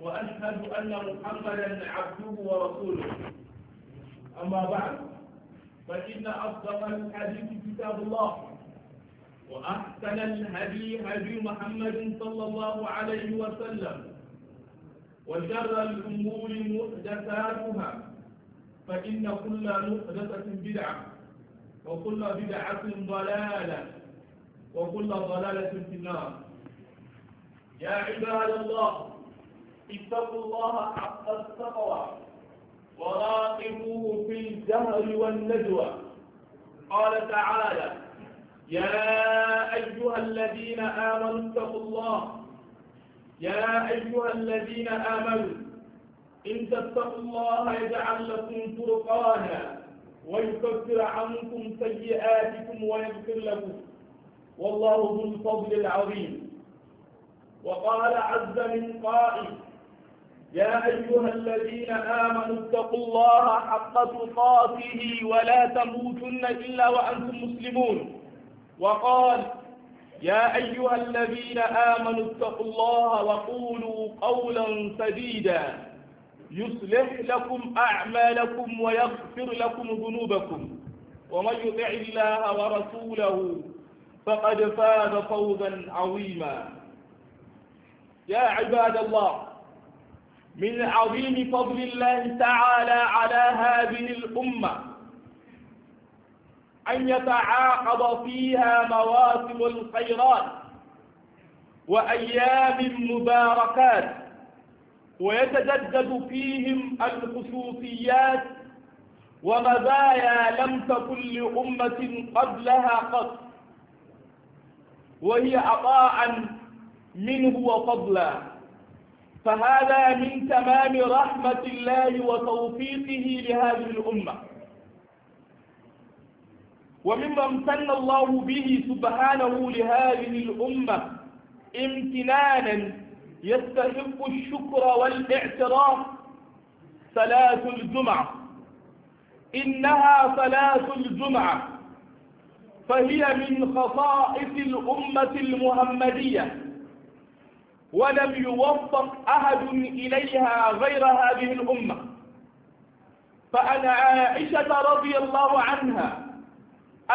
وأشهد أن محمدا عبده ورسوله أما بعد فإن أصدق الحديث كتاب الله وأحسن الهدي هدي محمد صلى الله عليه وسلم وشر الأمور محدثاتها فإن كل محدثة بدعة وكل بدعة ضلالة وكل ضلالة في النار يا عباد الله اتقوا الله حق التقوى وراقبوه في الجهر والنجوى قال تعالى يا أيها الذين آمنوا اتقوا الله يا أيها الذين آمنوا إن تتقوا الله يجعل لكم فرقانا ويكفر عنكم سيئاتكم ويغفر لكم والله ذو الفضل العظيم وقال عز من قائل يا أيها الذين آمنوا اتقوا الله حق تقاته ولا تموتن إلا وأنتم مسلمون وقال يا أيها الذين آمنوا اتقوا الله وقولوا قولا سديدا يصلح لكم أعمالكم ويغفر لكم ذنوبكم ومن يطع الله ورسوله فقد فاز فوزا عظيما يا عباد الله من عظيم فضل الله تعالى على هذه الأمة أن يتعاقب فيها مواسم الخيرات وأيام مباركات ويتجدد فيهم الخصوصيات ومزايا لم تكن لأمة قبلها قط وهي عطاء منه وفضلا فهذا من تمام رحمة الله وتوفيقه لهذه الأمة ومما امتن الله به سبحانه لهذه الأمة امتنانا يستحق الشكر والاعتراف صلاة الجمعة إنها صلاة الجمعة فهي من خصائص الأمة المحمدية ولم يوفق أحد إليها غير هذه الأمة فأنا عائشة رضي الله عنها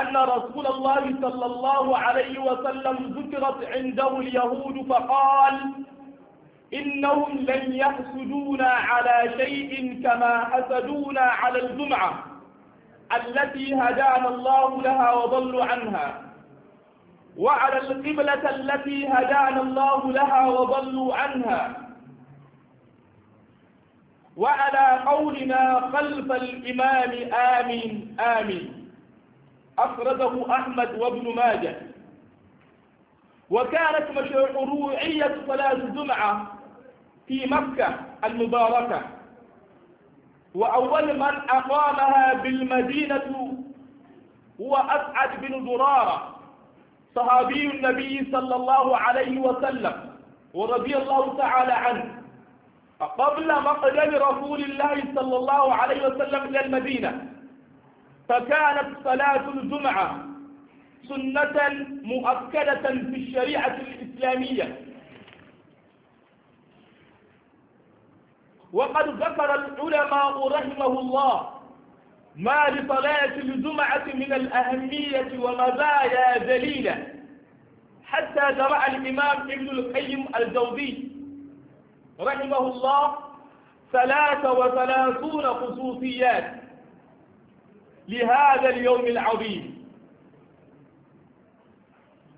أن رسول الله صلى الله عليه وسلم ذكرت عنده اليهود فقال إنهم لن يحسدونا على شيء كما حسدونا على الجمعة التي هدانا الله لها وضلوا عنها وعلى القبلة التي هدانا الله لها وضلوا عنها وعلى قولنا خلف الإمام آمين آمين أفرده أحمد وابن ماجه وكانت مشروعية صلاة الجمعة في مكة المباركة وأول من أقامها بالمدينة هو أسعد بن زرارة صحابي النبي صلى الله عليه وسلم ورضي الله تعالى عنه قبل مقدم رسول الله صلى الله عليه وسلم إلى المدينة فكانت صلاة الجمعة سنة مؤكدة في الشريعة الإسلامية وقد ذكر العلماء رحمه الله ما لصلاة الجمعة من الأهمية ومزايا دليلة حتى جرى الإمام ابن القيم الجوزي رحمه الله ثلاث وثلاثون خصوصيات لهذا اليوم العظيم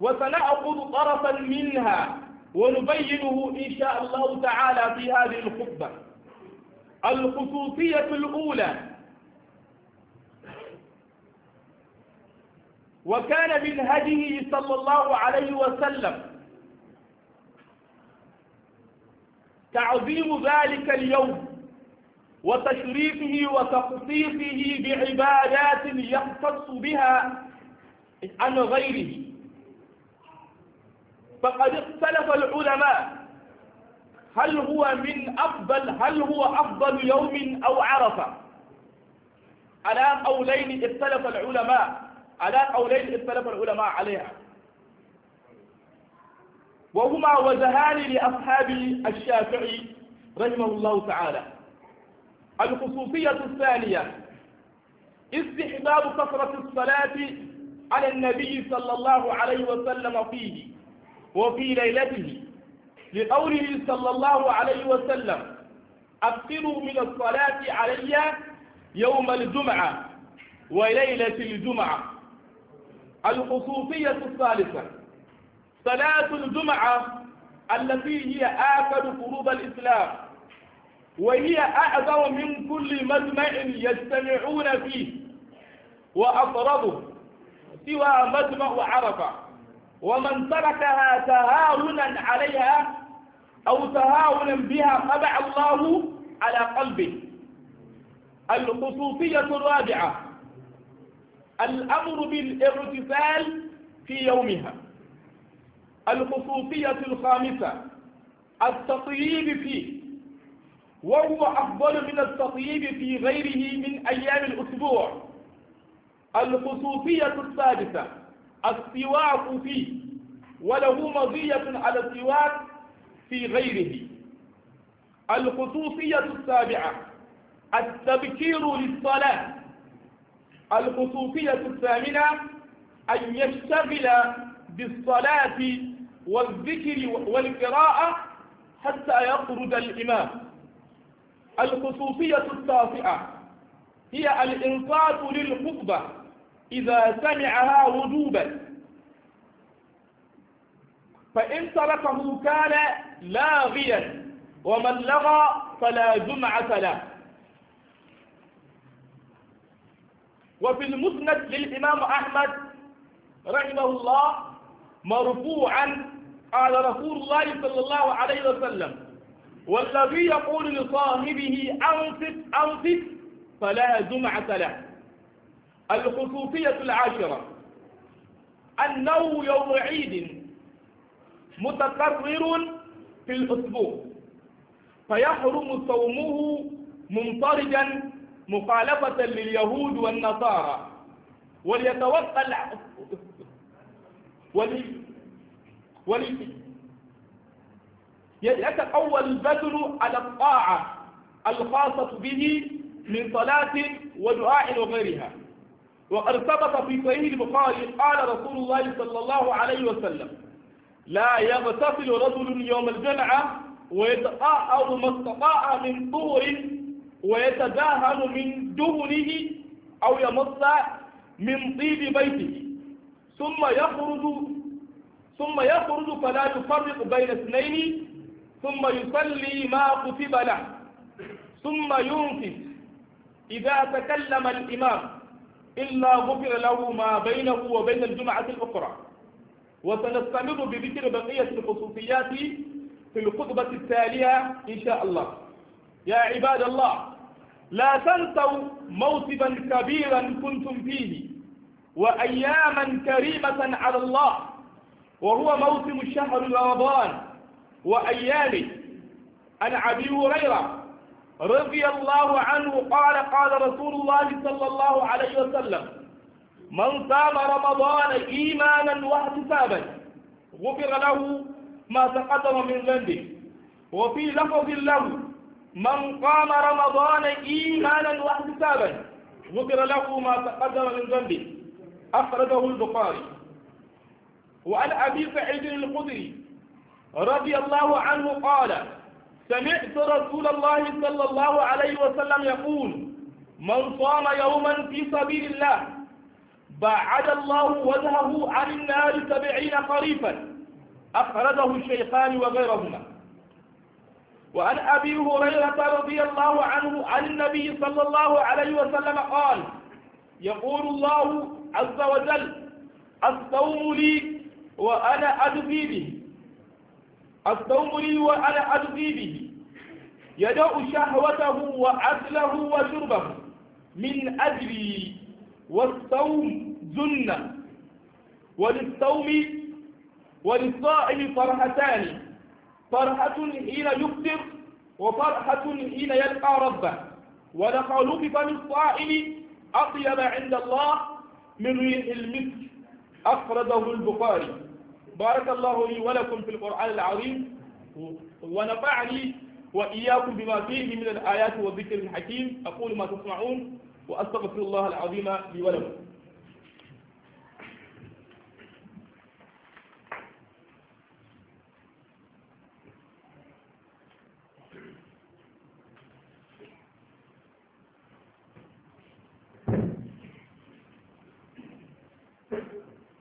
وسنأخذ طرفا منها ونبينه إن شاء الله تعالى في هذه الخطبة الخصوصية الأولى وكان من هديه صلى الله عليه وسلم تعظيم ذلك اليوم وتشريفه وتخصيصه بعبادات يختص بها عن غيره فقد اختلف العلماء هل هو من أفضل هل هو أفضل يوم أو عرفة على قولين اختلف العلماء على قولين اختلف العلماء عليها وهما وجهان لأصحاب الشافعي رحمه الله تعالى الخصوصية الثانية استحباب كثرة الصلاة على النبي صلى الله عليه وسلم فيه وفي ليلته لقوله صلى الله عليه وسلم أكثروا من الصلاة علي يوم الجمعة وليلة الجمعة الخصوصية الثالثة صلاة الجمعة التي هي آخر فروض الإسلام وهي أعظم من كل مجمع يجتمعون فيه وأفرضه سوى مجمع عرفة ومن تركها تهاونا عليها أو تهاونا بها قبع الله على قلبه الخصوصية الرابعة الأمر بالاغتسال في يومها الخصوصية الخامسة التطيب فيه وهو أفضل من التطيب في غيره من أيام الأسبوع الخصوصية السادسة السواك فيه وله مضية على السواك في غيره الخصوصية السابعة التبكير للصلاة الخصوصية الثامنة أن يشتغل بالصلاة والذكر والقراءة حتى يطرد الإمام الخصوصية التاسعة هي الإنصات للخطبة إذا سمعها وجوبا فإن تركه كان لاغيا ومن لغى فلا جمعة له وفي المسند للإمام أحمد رحمه الله مرفوعا قال رسول الله صلى الله عليه وسلم والذي يقول لصاحبه أنفق أنفق فلا جمعة له الخصوصية العاشرة أنه يوم عيد متكرر في الأسبوع فيحرم صومه منطردا مخالفة لليهود والنصارى وليتوقع ولي ولي يتقوى البذل على الطاعة الخاصة به من صلاة ودعاء وغيرها وقد ثبت في صحيح البخاري قال رسول الله صلى الله عليه وسلم لا يغتسل رجل يوم الجمعة ويتقاعد ما استطاع من طور ويتداهن من دهنه أو يمص من طيب بيته ثم يخرج ثم يخرج فلا يفرق بين اثنين ثم يصلي ما كتب له ثم ينفذ إذا تكلم الإمام إلا غفر له ما بينه وبين الجمعة الأخرى وسنستمر بذكر بقية الخصوصيات في الخطبة التالية إن شاء الله يا عباد الله لا تنسوا موسما كبيرا كنتم فيه وأياما كريمة على الله وهو موسم الشهر رمضان وأيامه عن أبي هريرة رضي الله عنه قال قال رسول الله صلى الله عليه وسلم من صام رمضان إيمانا واحتسابا غفر له ما تقدم من ذنبه وفي لفظ له من قام رمضان إيمانا واحتسابا غفر له ما تقدم من ذنبه أخرجه البخاري وعن أبي سعيد الخدري رضي الله عنه قال سمعت رسول الله صلى الله عليه وسلم يقول من صام يوما في سبيل الله بعد الله وجهه عن النار سبعين خريفا أخرجه الشيخان وغيرهما وعن أبي هريرة رضي الله عنه عن النبي صلى الله عليه وسلم قال يقول الله عز وجل الصوم لي وأنا أجزي به الصوم لي وأنا أجزي به يدع شهوته وأكله وشربه من أجلي والصوم جنة وللصوم وللصائم فرحتان فرحة حين يفطر وفرحة حين يلقى ربه ولقلوب فم الصائم أطيب عند الله من ريح المسك أخرجه البخاري بارك الله لي ولكم في القرآن العظيم ونفعني وإياكم بما فيه من الآيات والذكر الحكيم أقول ما تسمعون وأستغفر الله العظيم لي ولكم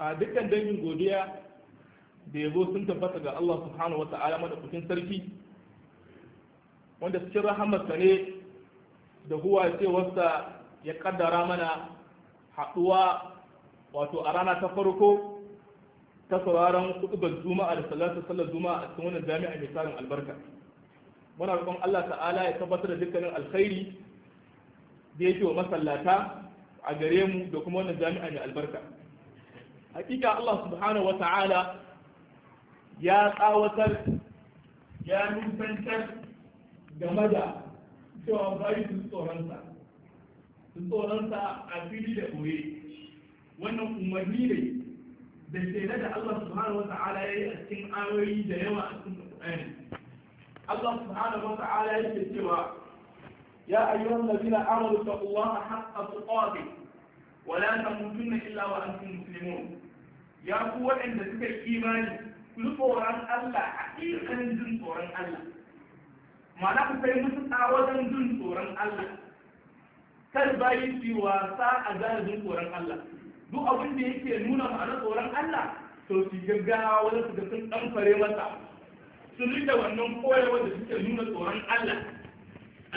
a dukkan dangin godiya da yabo sun tabbata ga Allah subhanahu wata'ala madaukakin sarki wanda cikin rahamarsa ne da huwa cewarsa ya kaddara mana haɗuwa wato a rana ta farko ta sauraron kutubar juma'a da salatu sallar juma'a a cikin wannan jami'a mai tarin albarka muna roƙon Allah ta'ala ya tabbatar da dukkanin alkhairi da yake wa masallata a gare mu da kuma wannan jami'a mai albarka hakika Allah subhanahu wa ta'ala ya tsawatar ya nufantar game da cewa bayi sun tsoronsa sun tsoronsa a fili da koye wannan umarni ne da ke da Allah subhanahu wa ta'ala ya yi a cikin ayoyi da yawa a cikin Qur'ani Allah subhanahu wa ta'ala yake cewa ya ayyuhan ladina amanu taqullaha haqqa tuqatih wa la tamutunna illa wa antum muslimun ya ku waɗanda suka yi imani ku tsoron Allah a ƙirƙanin jin tsoron Allah mana ku kai musu a wajen jin tsoron Allah kar bayi su wasa a gane jin tsoron Allah duk abin da yake nuna ma'ana tsoron Allah to su gaggawa wajen su ga sun ɗan masa su rike wannan koyarwa da suke nuna tsoron Allah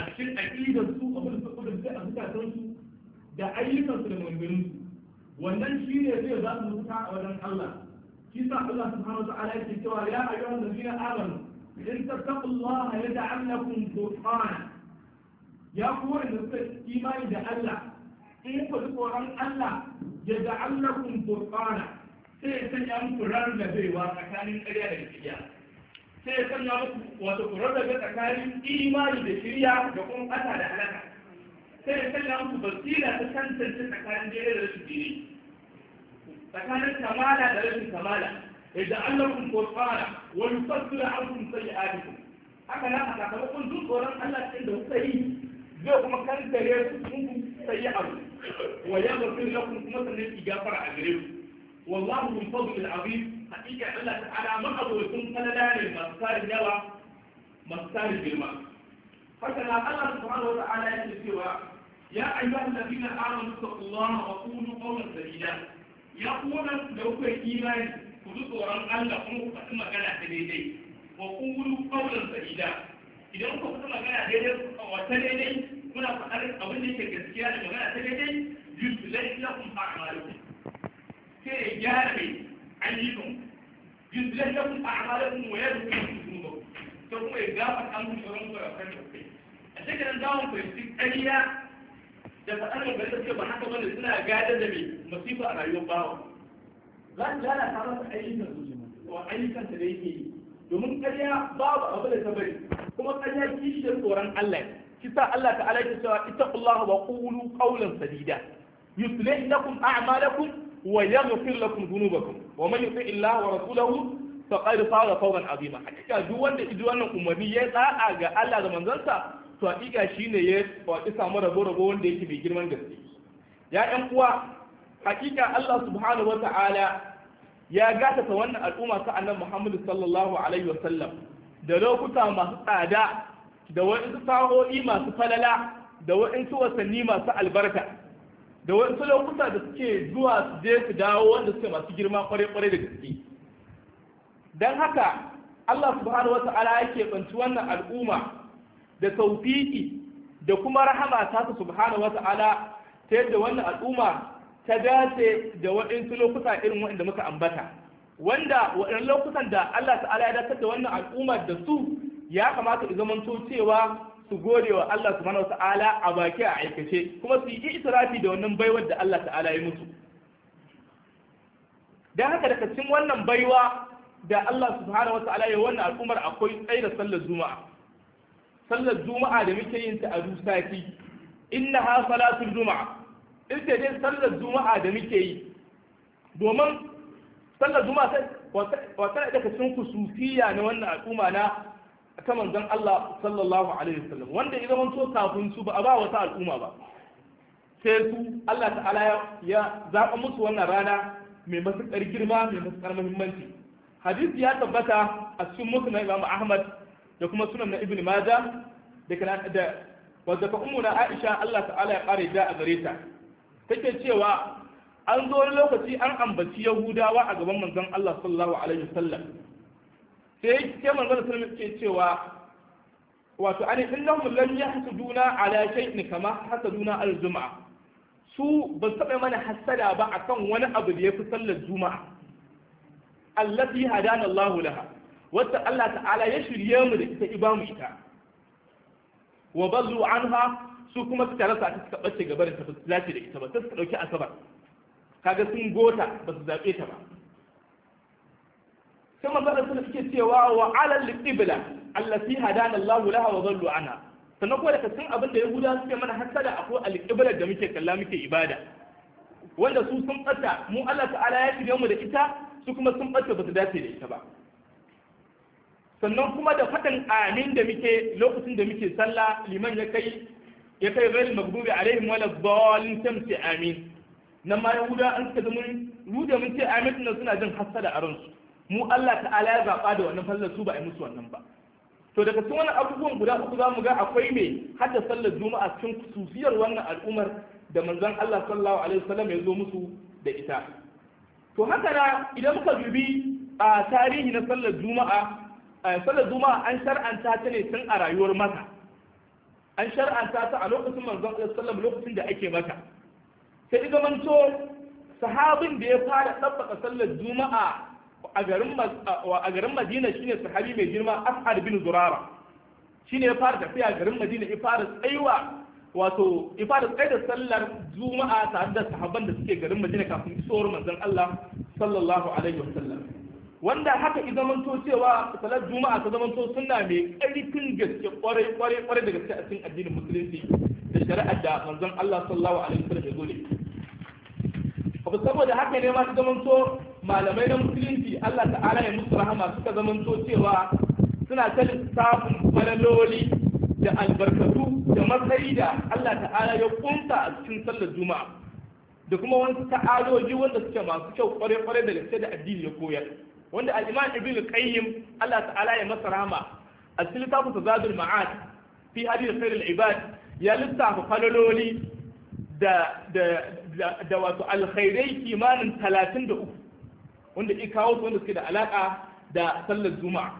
a cikin aƙidar su abin da suka kudurta a zukatansu da ayyukansu da maganganunsu wannan shi ne zai za su fita a wajen Allah shi sa Allah subhanahu wa ta'ala yake cewa ya ayyuhan ladina amanu in tattaqullaha yaj'al lakum furqana ya ku wanda suka imani da Allah in ku tsoron Allah yaj'al lakum furqana sai ya sanya muku rarrabewa tsakanin ƙarya da gaskiya sai ya sanya muku wato ku rarrabe tsakanin imani da shirya da kuma ƙasa da halaka sai ya sanya muku basira ta tantance tsakanin daidai da rashin daidai tsakanin kamala da rashin kamala idan Allah kun kofara wa yufassiru ankum sayyi'atikum haka nan a sakamakon duk tsoron Allah cikin da kuka yi zai kuma kankare su kun sayyi'atu wa yaghfir lakum kuma sannan ki gafara a gare ku wallahu min fadlil azim hakika Allah ta'ala ma abokin kalala ne masu tarin yawa masu tarin girma haka nan Allah subhanahu wa ya ce cewa ya ayyuhal ladina amanu taqullaha wa qulu qawlan sadida ya kuwa da kuka yi imani ku ji tsoron Allah kuma ku faɗi magana ta daidai wa kulu qawlan sadida idan ku faɗi magana daidai wa ta daidai kuna faɗar abin da yake gaskiya da magana ta daidai yuslih lakum a'malukum sai ya gyara mai ayyukan yuslih lakum a'malukum wa yadhkur lakum dhunubakum kuma ya gafarta muku sauran ku a kan da kai a cikin zamu fahimci ƙarya da faɗaɗar gari da suke ba haka bane suna gadar da mai masifa a rayuwar bawa za ta su lalata masa ayyukan su wa ayyukan da yake yi domin ƙarya babu abu da ta bari kuma ƙarya kishi da tsoron Allah shi kisa Allah ta'ala ya cewa ittaqullaha wa qulu qawlan sadida yuslih lakum a'malakum ويغفر لكم ذنوبكم ومن يطع الله ورسوله فقد فاز فوزا عظيما حقيقه duk wanda idan wannan umarni ya tsaka ga Allah da manzansa to haƙiƙa shine ya faɗi samu rabo-rabo wanda yake mai girman gaske ya ɗan uwa hakika Allah subhanahu wa ta'ala ya gata ta wannan al'umma ta annabi Muhammad sallallahu alaihi wa sallam da lokuta masu tsada da waɗansu sa'o'i masu falala da waɗansu wasanni masu albarka da waɗansu lokuta da suke zuwa su je su dawo wanda suke masu girma kwarai-kwarai da gaske don haka Allah subhanahu wa ta'ala yake tsanci wannan al'umma da taufiki da kuma rahama ta su subhanahu wata'ala ta yadda wannan al'umma ta dace da waɗansu lokuta irin waɗanda muka ambata wanda waɗannan lokutan da Allah ta'ala ya dace da wannan al'umma da su ya kamata su zamanto cewa su gode wa Allah subhanahu wata'ala a baki a aikace kuma su yi itirafi da wannan baiwar da Allah ta'ala ya musu. dan haka daga cikin wannan baiwa da Allah subhanahu wata'ala ya wannan al'ummar akwai tsaye sallar juma'a sallar juma'a da muke yin ta a dusati innaha salatul juma'a ita dai sallar juma'a da muke yi domin sallar juma'a sai wata daga cikin kusufiya na wannan al'umma na ta manzon Allah sallallahu alaihi wasallam wanda ya zama to kafin su ba a ba wata al'umma ba sai su Allah ta'ala ya zaɓa musu wannan rana mai matuƙar girma mai matuƙar muhimmanci hadisi ya tabbata a cikin musulman Imam Ahmad da kuma sunan na ibn maja da kana da wanda ka ummu na aisha Allah ta'ala ya kare da a gare ta take cewa an zo wani lokaci an ambaci yahudawa a gaban manzon Allah sallallahu alaihi wasallam sai ke manzon sallallahu alaihi cewa wato ani innahum lam yahsuduna ala shay'in kama hasaduna al-jum'a su ba su taɓa mana hasada ba akan wani abu da ya fi sallar juma'a allati hadana Allahu laha wata Allah ta'ala ya shirye mu da ita iba mu ita wa bazu anha su kuma suka rasa su suka bace gaba da tafi lati da ita ba ta suka dauki asabar kaga sun gota ba su zabe ta ba sai manzon sun suke cewa wa alal qibla allati hadana Allah laha wa zallu anha sannan ko daga cikin abin da yahuda suke mana hasada akwai alqiblar da muke kalla muke ibada wanda su sun bata mu Allah ta'ala ya shirye mu da ita su kuma sun bata ba su dace da ita ba sannan kuma da fatan amin da muke lokacin da muke sallah liman ya kai ya kai ghayr maghdubi alaihim wala dhalin tamsi amin nan ma yahuda an suka zama mu da mun ce amin nan suna jin hasada a ransu mu Allah ta'ala ya zaba da wannan fallar su ba a yi musu wannan ba to daga cikin wannan abubuwan guda uku za mu ga akwai mai hadda sallar juma'a cikin kususiyar wannan al'ummar da manzon Allah sallallahu alaihi wasallam ya zo musu da ita to haka na idan muka dubi a tarihi na sallar juma'a sallar juma'a an shar'anta ta ne tun a rayuwar maka an shar'anta ta a lokacin manzon sallam lokacin da ake maka sai ita manto sahabin da ya fara tsabbaka sallar juma'a a garin Madina shine sahabi mai girma As'ad bin Zurara shine ya fara tafiya garin Madina ya fara tsaiwa wato da sallar juma'a tare da sahabban da suke garin madina kafin isowar manzon Allah sallallahu alaihi wasallam wanda haka i zamanto cewa salar juma'a ta zamanto suna mai ƙarfin gaske kwarai kwarai kwarai daga gaske a cikin addinin musulunci da shari'a da manzon Allah sallallahu alaihi wasallam ya gode, ne abu saboda haka ne ma ta zamanto malamai na musulunci Allah ta'ala ya musu rahama suka zamanto cewa suna ta lissafin falaloli da albarkatu da matsayi da Allah ta'ala ya kunta a cikin sallar juma'a da kuma wani ta'adoji wanda suke masu kyau kware-kware da gaske da addini ya koyar wanda aliman imam ibn qayyim Allah ta'ala ya masa rahama a cikin littafin zadul ma'ad fi hadith khair al-ibad ya lissafa falaloli da da da wato alkhairai kimanin 33 wanda ya kawo su wanda suke da alaka da sallar juma'a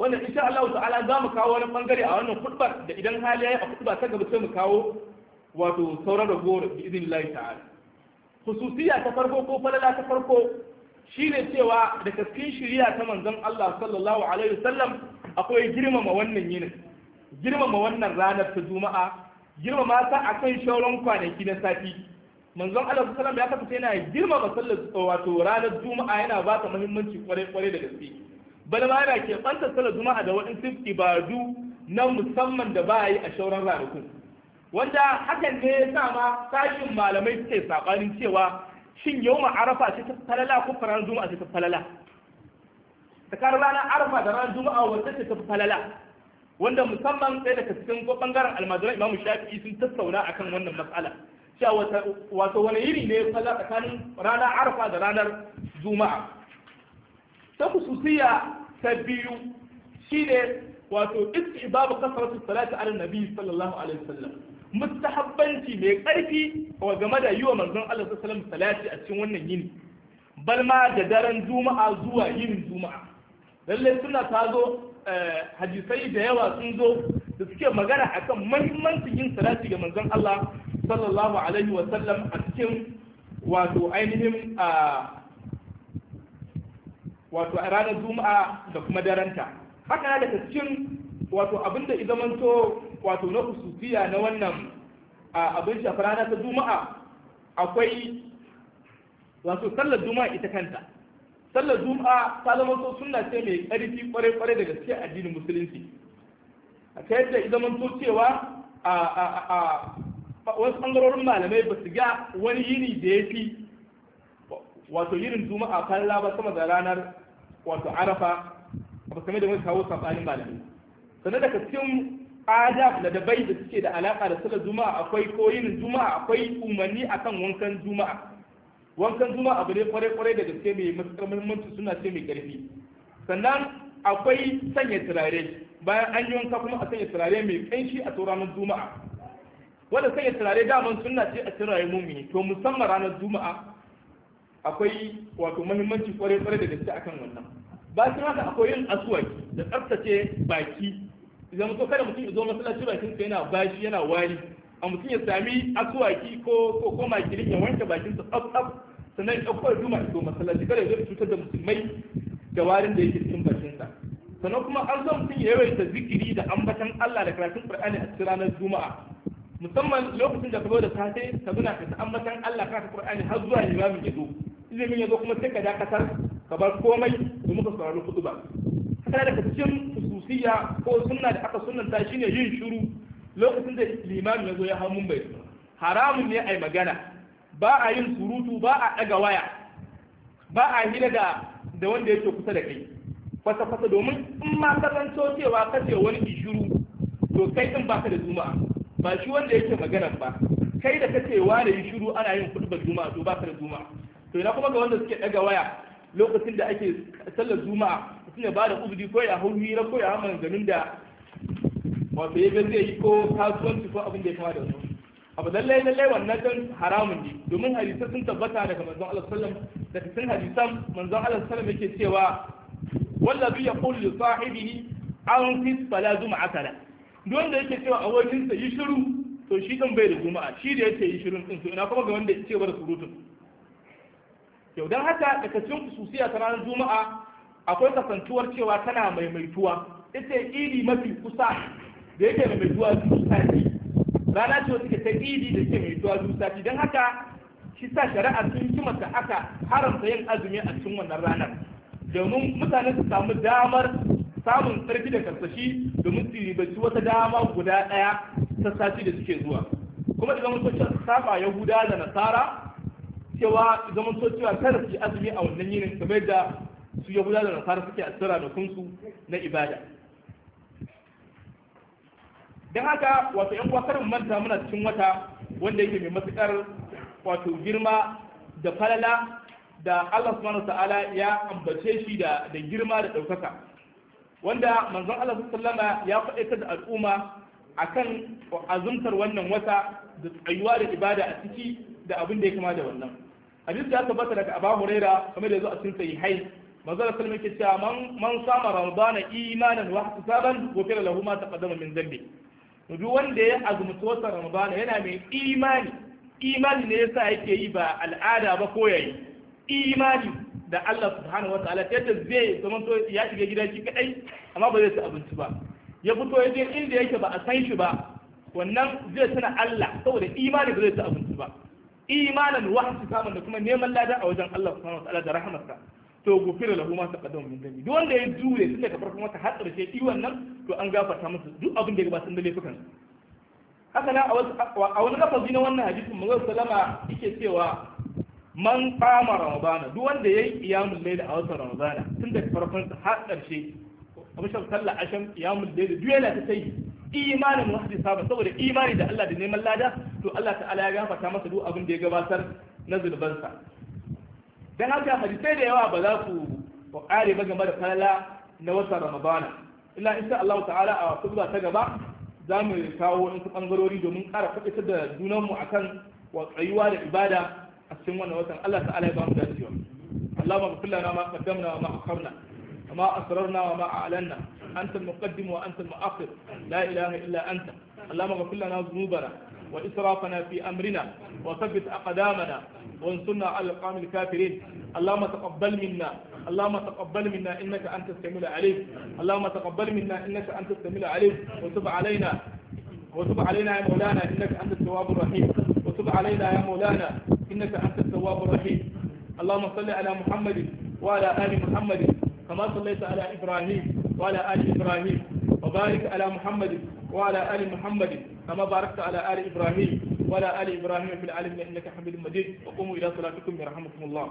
wanda insha Allah ta'ala za mu kawo wani bangare a wannan khutbar da idan hali yayi a khutba ta gaba sai mu kawo wato sauran ragowar bi idinillahi ta'ala ta farko ko falala ta farko shine cewa daga cikin shirya ta manzon Allah sallallahu alaihi wasallam akwai girmama wannan yinin girmama wannan ranar ta juma'a girmama ta akan shauran kwanaki na sati manzon Allah sallallahu alaihi wasallam ya kasance yana girmama sallar wato ranar juma'a yana ba ta muhimmanci kwarai kwarai da gaske bala ma yana banta sallar juma'a da waɗansu ibadu na musamman da ba yi a shauran ranakun wanda hakan ne ya sa ma sashin malamai suke saɓanin cewa shin yau ma arafa ce ta falala ko ranar juma'a ce ta falala tsakanin ranar arafa da ranar juma'a wanda ce ta falala wanda musamman ɗaya daga cikin ko bangaren almajiran imamu shafi'i sun tattauna akan wannan matsala cewa wato wani iri ne falla tsakanin ranar arafa da ranar juma'a ta kususiya ta biyu shine wato istibabu kasaratu salati ala nabi sallallahu alaihi wasallam mustahabbanci mai ƙarfi wa game da yi wa manzon Allah sallallahu salati a cikin wannan yini balma da daren juma'a zuwa yin juma'a lalle suna ta zo eh, hadisai da yawa sun zo da suke magana akan mahimmancin yin salati ga manzon Allah sallallahu alaihi wa a cikin wato ainihin a wato a ranar juma'a da kuma daranta haka na daga cikin wato abinda idan manto wato na usufiya na wannan abin shafar rana ta juma'a akwai wato sallar juma'a ita kanta sallar juma'a ta zama so suna ce mai ƙarfi kware kwarai da gaske addinin musulunci a ta yadda zaman to cewa a wasu ɓangarorin malamai ba su ga wani yini da ya fi wato yinin juma'a kalla ba sama da ranar wato arafa ba su da wani kawo saɓanin malamai sannan daga cikin adab da dabai da suke da alaka da suka zuma akwai koyin zuma akwai umarni akan wankan zuma. wankan zuma abu ne kwarai kwarai da gaske mai matsakar muhimmanci suna ce mai ƙarfi sannan akwai sanya turare bayan an yi wanka kuma a sanya turare mai ƙanshi a ranar zuma. wanda sanya turare daman suna ce a rayu mummi to musamman ranar zuma akwai wato muhimmanci kwarai kwarai da gaske akan wannan ba su haka akwai yin asuwai da tsaftace baki zama mutum kada mutum ya zo masallaci bakin sa yana bashi yana wari a mutum ya sami asuwaki ko ko ko ya wanke bakin sa tsaf tsaf sannan ya kawai duma ya zo masallaci kada ya zo cutar da musulmai da warin da yake cikin bakin sa sannan kuma an zo mutum ya yawaita zikiri da ambatan Allah da karatun Qur'ani a cikin ranar Juma'a musamman lokacin da ka zo da safe ka zuna ka ta ambatan Allah ka ta Qur'ani har zuwa limamin ya zo ilimin ya zo kuma sai ka dakatar ka bar komai domin ka saurari kutuba ta daga cikin hususiya ko sunna da aka shi shine yin shiru lokacin da limamin ya zo ya hamun bai haramun ne ai magana ba a yin surutu ba a daga waya ba a hira da da wanda yake kusa da kai kwata kwata domin in ma ka zanto cewa ka ce wani shuru to kai din baka da juma'a ba shi wanda yake magana ba kai da kace wa da shiru ana yin kudubar juma'a to baka da juma'a to ina kuma ga wanda suke daga waya lokacin da ake sallar juma'a mutum ba da uzuri ko ya hau hira ko ya hau maganganun da wato ya zai yi ko kasuwanci ko abin da ya kama da wani abu lallai lallai wannan dan haramun ne domin hadisai sun tabbata daga manzon Allah sallam daga cikin hadisan manzon Allah sallam yake cewa wallazi yaqulu li sahibihi an fi fala jum'ata la don da yake cewa abokin sa yi shiru to shi dan bai da juma'a shi da yake yi shirun din to ina kuma ga wanda yake cewa da surutun yau dan haka daga cikin khususiya ta ranar juma'a akwai kasantuwar cewa tana maimaituwa ita idi mafi kusa da yake maimaituwa duk sati rana ce wata ta idi da ke maimaituwa duk sati don haka shi sa shari'a sun yi mata aka haramta yin azumi a cikin wannan ranar domin mutane su samu damar samun tsarki da karsashi domin su ribaci wata dama guda ɗaya ta sati da suke zuwa kuma idan mun cewa saba yahuda da nasara cewa idan mun cewa kada azumi a wannan yinin kamar da su gudanar da fara suke a da kunsu na ibada don haka wato yan kwakar manta muna cikin wata wanda yake mai matukar wato girma da falala da Allah subhanahu ta'ala ya ambace shi da da girma da ɗaukaka wanda manzon Allah sallama ya faɗaita da al'umma akan azumtar wannan wata da tsayuwa da ibada a ciki da abin da ya kama da wannan hadisi ya tabbata daga Abu Huraira kamar da yazo a cikin sahihai manzon sallallahu alaihi cewa man sama ramadana imanan wa ihtisaban ghufira lahu ma taqaddama min dhanbi duk wanda ya azumta wata ramadana yana mai imani imani ne yasa yake yi ba al'ada ba ko yayi imani da Allah subhanahu wa ta'ala ta yadda zai zama to ya shiga gida shi kadai amma ba zai ci abinci ba ya fito ya je inda yake ba a san shi ba wannan zai tana Allah saboda imani ba zai ci abinci ba imanan wa ihtisaban da kuma neman lada a wajen Allah subhanahu wa ta'ala da rahmarsa to gufira lahu ma taqaddam min dhanbi duk wanda ya jure tun ka farko mata har karshe shi wannan to an gafarta masa duk abin da ya gabatar da laifukan haka nan a wani lafazi na wannan hadisin manzon sallama yake cewa man qama ramadana duk wanda yayi qiyamul layl a watan ramadana tun daga farkon sa har karshe abin shan sallah ashan qiyamul layl duk yana ta sai imanin wahdi saba saboda imani da Allah da neman lada to Allah ta'ala ya gafarta masa duk abin da ya gabatar na zulbansa dan haka hadisai da yawa ba za ku ƙare ba game da falala na wata ramadana illa insha Allah ta'ala a kutuba ta gaba za mu kawo wasu bangarori domin ƙara kuɗi da junanmu akan tsayuwa da ibada a cikin wannan watan Allah ta'ala ya ba mu dacewa اللهم اغفر لنا ما قدمنا ma أخرنا وما أسررنا وما أعلنا أنت المقدم وأنت المؤخر لا إله إلا أنت اللهم اغفر لنا ذنوبنا وإسرافنا في أمرنا وثبت أقدامنا وانصرنا على القوم الكافرين اللهم تقبل منا اللهم تقبل منا إنك أنت السميع العليم اللهم تقبل منا إنك أنت السميع العليم وتب علينا وتب علينا يا مولانا إنك أنت التواب الرحيم وتب علينا يا مولانا إنك أنت التواب الرحيم اللهم صل على محمد وعلى آل محمد كما صليت على إبراهيم وعلى آل إبراهيم وبارك على محمد وعلى آل محمد كما باركت على آل إبراهيم ولا آل إبراهيم في العالمين إنك حميد مجيد وقوموا إلى صلاتكم يرحمكم الله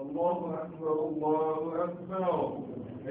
الله أكبر الله أكبر